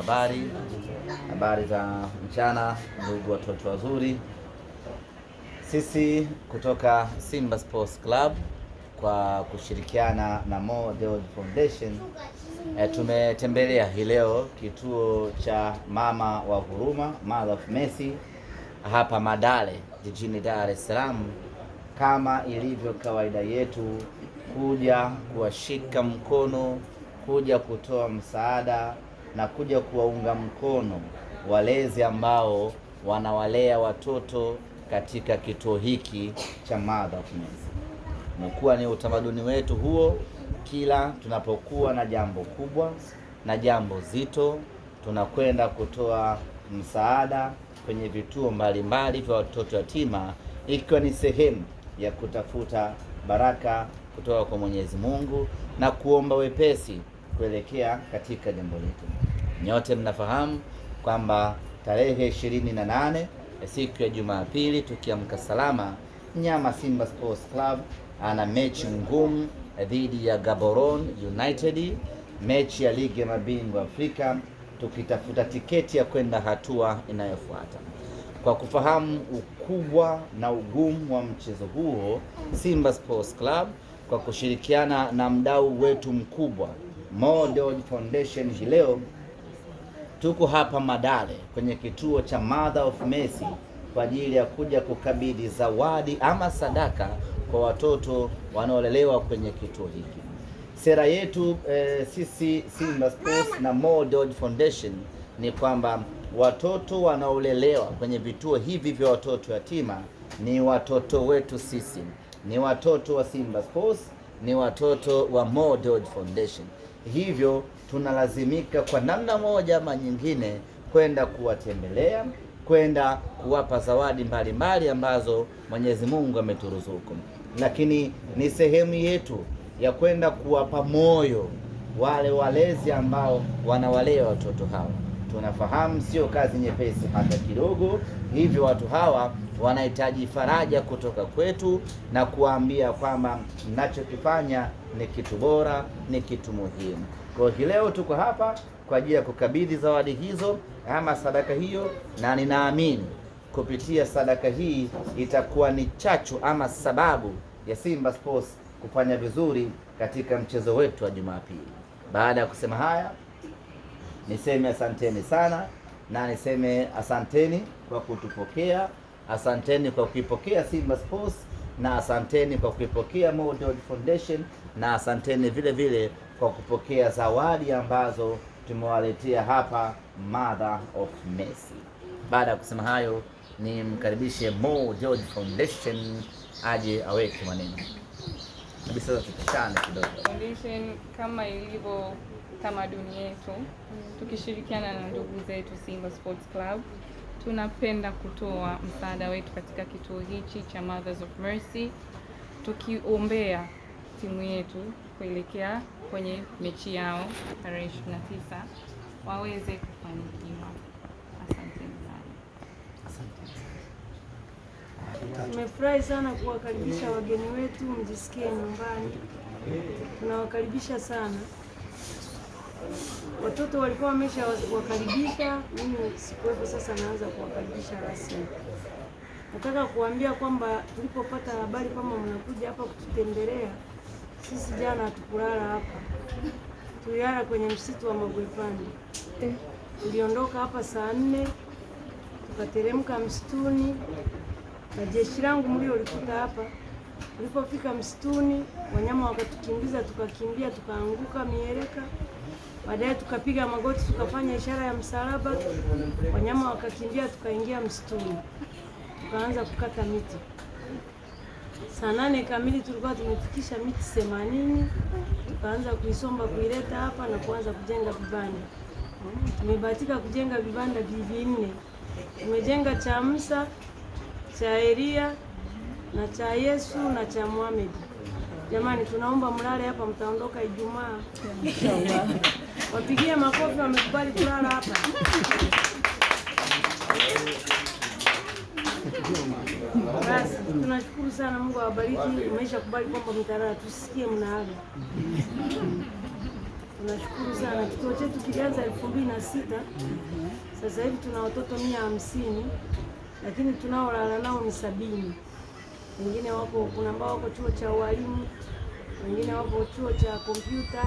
habari. Habari za mchana, ndugu watoto wazuri. Sisi kutoka Simba Sports Club kwa kushirikiana na Mo Dewji Foundation e, tumetembelea hii leo kituo cha mama wa huruma Mother of Mercy hapa Madale jijini Dar es Salaam, kama ilivyo kawaida yetu kuja kuwashika mkono, kuja kutoa msaada na kuja kuwaunga mkono walezi ambao wanawalea watoto katika kituo hiki cha Mother of Mercy. Umekuwa ni utamaduni wetu huo, kila tunapokuwa na jambo kubwa na jambo zito, tunakwenda kutoa msaada kwenye vituo mbalimbali vya watoto yatima, ikiwa ni sehemu ya kutafuta baraka kutoka kwa Mwenyezi Mungu na kuomba wepesi kuelekea katika jambo letu. Nyote mnafahamu kwamba tarehe ishirini na nane siku ya Jumapili tukiamka salama, mnyama Simba Sports Club ana mechi ngumu dhidi ya Gaborone United, mechi ya ligi ya mabingwa Afrika, tukitafuta tiketi ya kwenda hatua inayofuata. Kwa kufahamu ukubwa na ugumu wa mchezo huo, Simba Sports Club kwa kushirikiana na mdau wetu mkubwa Model Foundation. leo tuko hapa Madale kwenye kituo cha Mother of Mercy kwa ajili ya kuja kukabidhi zawadi ama sadaka kwa watoto wanaolelewa kwenye kituo hiki. Sera yetu eh, sisi Simba Sports na Model Foundation ni kwamba watoto wanaolelewa kwenye vituo hivi vya watoto yatima ni watoto wetu sisi, ni watoto wa Simba Sports, ni watoto wa Model Foundation hivyo tunalazimika kwa namna moja ama nyingine kwenda kuwatembelea, kwenda kuwapa zawadi mbalimbali ambazo Mwenyezi Mungu ameturuzuku, lakini ni sehemu yetu ya kwenda kuwapa moyo wale walezi ambao wanawalea watoto hawa tunafahamu sio kazi nyepesi hata kidogo. Hivyo watu hawa wanahitaji faraja kutoka kwetu na kuwaambia kwamba mnachokifanya ni kitu bora, ni kitu muhimu. Kwa hiyo leo tuko hapa kwa ajili ya kukabidhi zawadi hizo ama sadaka hiyo, na ninaamini kupitia sadaka hii itakuwa ni chachu ama sababu ya Simba Sports kufanya vizuri katika mchezo wetu wa Jumapili. Baada ya kusema haya niseme asanteni sana na niseme asanteni kwa kutupokea, asanteni kwa kuipokea Simba Sports na asanteni kwa kuipokea Mouldwood Foundation na asanteni vile vile kwa kupokea zawadi ambazo tumewaletea hapa Mother of Mercy. Baada ya kusema hayo, nimkaribishe Mouldwood Foundation aje aweke maneno kabisa, tupishane kidogo kama ilivyo tamaduni yetu, tukishirikiana na ndugu zetu Simba Sports Club tunapenda kutoa msaada wetu katika kituo hichi cha Mothers of Mercy, tukiombea timu yetu kuelekea kwenye mechi yao tarehe 29 waweze kufanikiwa. sana. Asante. Tumefurahi sana kuwakaribisha wageni wetu, mjisikie nyumbani, tunawakaribisha sana watoto walikuwa wameshawakaribisha, mimi sikuwepo. Sasa naanza kuwakaribisha rasmi. Nataka kuambia kwamba tulipopata habari kwamba mnakuja hapa kututembelea sisi, jana hatukulala hapa, tulilala kwenye msitu wa Magwepande. Eh. Tuliondoka hapa saa nne tukateremka msituni na jeshi langu likuta hapa. Tulipofika msituni, wanyama wakatukimbiza, tukakimbia, tukaanguka mieleka Baadaye tukapiga magoti tukafanya ishara ya msalaba, wanyama wakakimbia, tukaingia msituni, tukaanza kukata miti. Saa nane kamili tulikuwa tumefikisha miti themanini, tukaanza kuisomba kuileta hapa na kuanza kujenga vibanda. Tumebahatika kujenga vibanda vinne, tumejenga cha Musa, cha Elia na cha Yesu na cha Muhammad. Jamani, tunaomba mlale hapa, mtaondoka Ijumaa. Wapigie makofi, wamekubali kulala hapa. Basi tunashukuru sana, Mungu awabariki. kubali kwamba mtalala, tusikie mnaaga. Tunashukuru sana. Kituo chetu kilianza elfu mbili na sita sasa hivi tuna watoto mia hamsini, lakini tunaolala nao ni sabini wengine wako, kuna ambao wako chuo cha ualimu, wengine wako chuo cha kompyuta,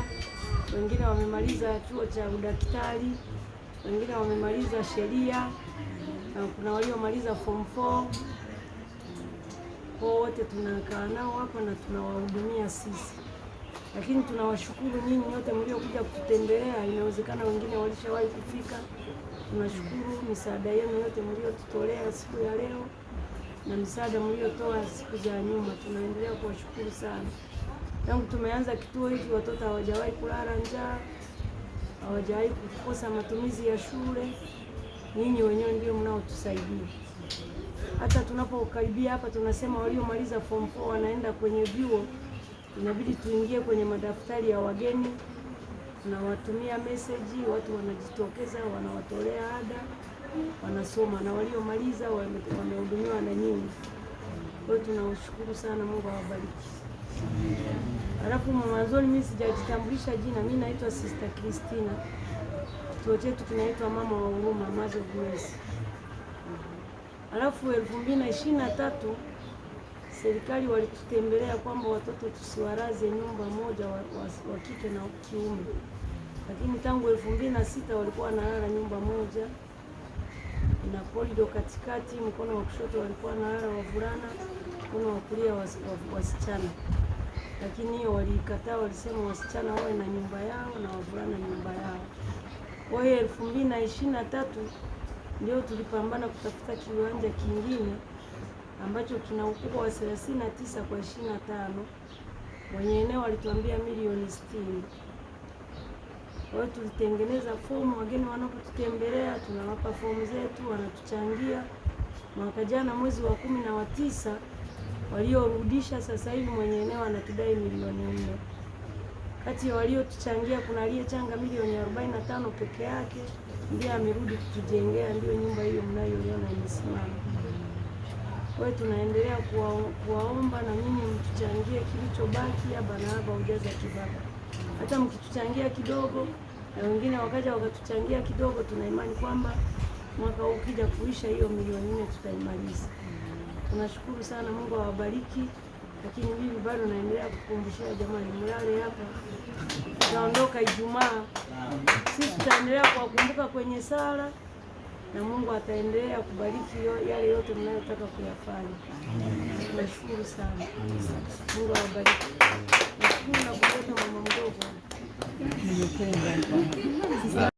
wengine wamemaliza chuo cha udaktari, wengine wamemaliza sheria na kuna waliomaliza form 4 kwa Wote tunakaa nao hapa na tunawahudumia sisi, lakini tunawashukuru nyinyi nyote mliokuja kututembelea. Inawezekana wengine walishawahi kufika. Tunashukuru misaada yenu yote mliotutolea siku ya leo na msaada mliotoa siku za nyuma. Tunaendelea kuwashukuru sana. Tangu tumeanza kituo hiki, watoto hawajawahi kulala njaa, hawajawahi kukosa matumizi ya shule. Ninyi wenyewe ndio mnaotusaidia. Hata tunapokaribia hapa, tunasema waliomaliza form 4 wanaenda kwenye vyuo, inabidi tuingie kwenye madaftari ya wageni, tunawatumia meseji, watu wanajitokeza, wanawatolea ada wanasoma na waliomaliza wamehudumiwa na nyinyi. Kwa hiyo sana, Mungu awabariki. Alafu mwanzoni mimi sijajitambulisha jina, mimi naitwa Sister Christina. Kituo chetu kinaitwa Mama wa Huruma Mother of Mercy. Alafu elfu mbili na ishirini na tatu serikali walitutembelea kwamba watoto tusiwaraze nyumba moja wa, wa, wa kike na kiume, lakini tangu elfu mbili na sita walikuwa wanalala nyumba moja na korido katikati, mkono wa kushoto walikuwa na wale wavulana, mkono wa kulia wasichana. Lakini hiyo walikataa walisema wasichana wawe na nyumba yao na wavulana nyumba yao. Kwa hiyo elfu mbili na ishirini na tatu ndio tulipambana kutafuta kiwanja kingine ambacho kina ukubwa wa 39 kwa 25 wenye eneo walituambia milioni sitini. Kwa hiyo tulitengeneza fomu, wageni wanapotutembelea tunawapa fomu zetu, wanatuchangia. Mwaka jana mwezi wa kumi na wa tisa waliorudisha, sasa hivi mwenye eneo anatudai milioni nne. Kati ya waliotuchangia kuna aliyechanga milioni arobaini na tano peke yake, ndiye amerudi kutujengea, ndiyo nyumba hiyo mnayoiona imesimama. Kwa hiyo tunaendelea kuwa, kuwaomba na nyinyi mtuchangie kilichobaki, haba na haba ujaza kibaba hata mkituchangia kidogo na wengine wakaja wakatuchangia kidogo, tuna imani kwamba mwaka huu ukija kuisha hiyo milioni nne tutaimaliza. Tunashukuru sana, Mungu awabariki. Lakini mimi bado naendelea kukumbushia, jamani, mlale hapa, tutaondoka Ijumaa. Sisi tutaendelea kuwakumbuka kwenye sala na Mungu ataendelea kubariki yale yote mnayotaka kuyafanya. Tunashukuru sana, Mungu awabariki. Nashukuru na kukuta mama mdogo